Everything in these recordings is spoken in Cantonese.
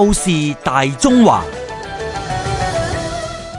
透視大中華。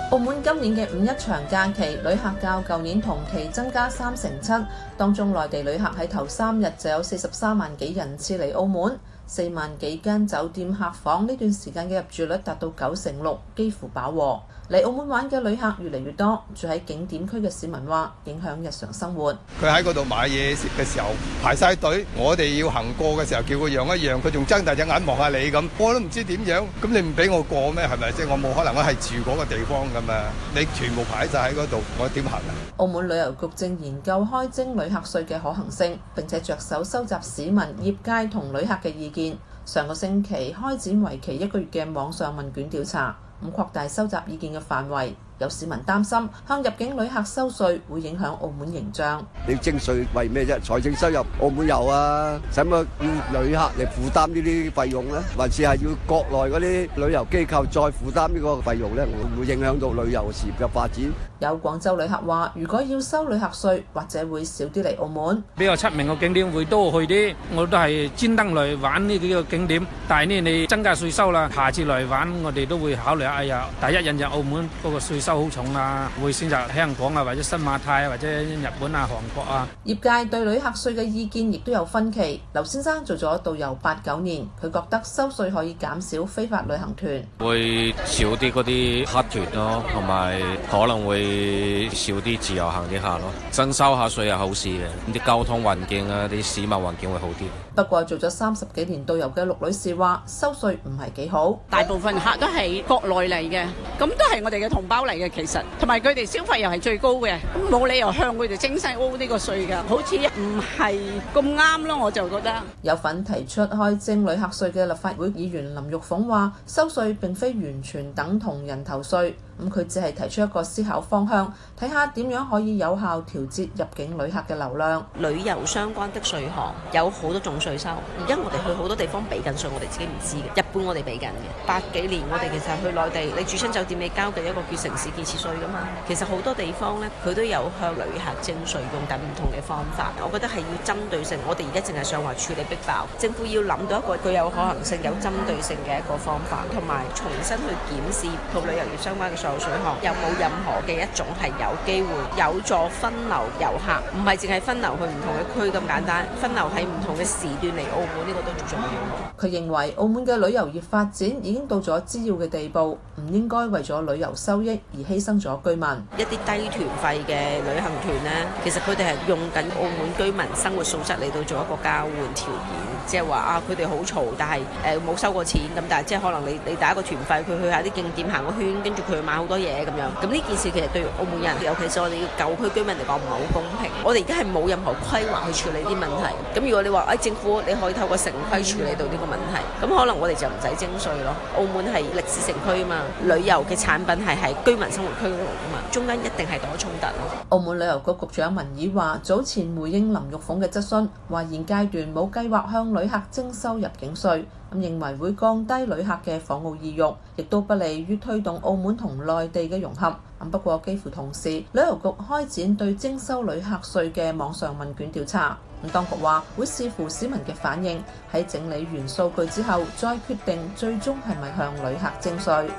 澳門今年嘅五一長假期，旅客較舊年同期增加三成七，當中內地旅客喺頭三日就有四十三萬幾人次嚟澳門。四萬幾間酒店客房呢段時間嘅入住率達到九成六，幾乎飽和。嚟澳門玩嘅旅客越嚟越多，住喺景點區嘅市民話影響日常生活。佢喺嗰度買嘢嘅時候排曬隊，我哋要行過嘅時候叫佢讓一讓，佢仲睜大隻眼望下你咁，我都唔知點樣。咁你唔俾我過咩？係咪即係我冇可能我係住嗰個地方㗎嘛？你全部排曬喺嗰度，我點行啊？澳門旅遊局正研究開徵旅客稅嘅可行性，並且着手收集市民、業界同旅客嘅意見。上個星期開展為期一個月嘅網上問卷調查。咁擴大收集意見嘅範圍，有市民擔心向入境旅客收稅會影響澳門形象。你徵稅為咩啫？財政收入澳門有啊，使乜要旅客嚟負擔呢啲費用咧？還是係要國內嗰啲旅遊機構再負擔呢個費用咧？會唔會影響到旅遊事業嘅發展？有廣州旅客話，如果要收旅客稅，或者會少啲嚟澳門。比較出名嘅景點會多去啲。我都係專登嚟玩呢幾個景點，但係咧你增加稅收啦，下次嚟玩我哋都會考慮。哎呀，第一印象澳門嗰個稅收好重啦，會選擇香港啊，或者新馬泰啊，或者日本啊、韓國啊。業界對旅客稅嘅意見亦都有分歧。劉先生做咗導遊八九年，佢覺得收稅可以減少非法旅行團，會少啲嗰啲黑團咯，同埋可能會少啲自由行啲客咯。增收下稅係好事嘅，啲交通環境啊，啲市民環境會好啲。不過做咗三十幾年導遊嘅陸女士話，收稅唔係幾好，大部分客都係國內嚟嘅，咁都係我哋嘅同胞嚟嘅，其實，同埋佢哋消費又係最高嘅，冇理由向佢哋徵收呢個稅嘅，好似唔係咁啱咯，我就覺得。有份提出開徵旅客稅嘅立法會議員林玉鳳話，收稅並非完全等同人頭稅。咁佢、嗯、只係提出一個思考方向，睇下點樣可以有效調節入境旅客嘅流量。旅遊相關的稅項有好多種稅收，而家我哋去好多地方俾緊稅，我哋自己唔知嘅。一般我哋俾緊嘅，八幾年我哋其實去內地，你住親酒店你交嘅一個叫城市建設稅㗎嘛。其實好多地方呢，佢都有向旅客徵稅，用緊唔同嘅方法。我覺得係要針對性。我哋而家淨係想話處理逼爆，政府要諗到一個具有可能性、有針對性嘅一個方法，同埋重新去檢視同旅遊業相關嘅稅。游水行又冇任何嘅一種係有機會有助分流遊客，唔係淨係分流去唔同嘅區咁簡單，分流喺唔同嘅時段嚟澳門呢個都好重要。佢認為澳門嘅旅遊業發展已經到咗次要嘅地步，唔應該為咗旅遊收益而犧牲咗居民。一啲低團費嘅旅行團呢，其實佢哋係用緊澳門居民生活素質嚟到做一個交換條件，即係話啊，佢哋好嘈，但係誒冇收過錢咁，但係即係可能你你打一個團費，佢去下啲景點行個圈，跟住佢去買。好多嘢咁樣，咁呢件事其實對澳門人，尤其是我哋嘅舊區居民嚟講唔係好公平。我哋而家係冇任何規劃去處理啲問題。咁如果你話誒政府，你可以透過城規處理到呢個問題，咁可能我哋就唔使徵稅咯。澳門係歷史城區啊嘛，旅遊嘅產品係喺居民生活區嗰度啊嘛，中間一定係有衝突咯。澳門旅遊局局長文綺華，早前回應林玉鳳嘅質詢，話現階段冇計劃向旅客徵收入境稅，咁認為會降低旅客嘅訪澳意欲，亦都不利於推動澳門同。內地嘅融合，咁不過幾乎同時，旅遊局開展對徵收旅客稅嘅網上問卷調查。咁當局話會視乎市民嘅反應，喺整理完數據之後再決定最終係咪向旅客徵稅。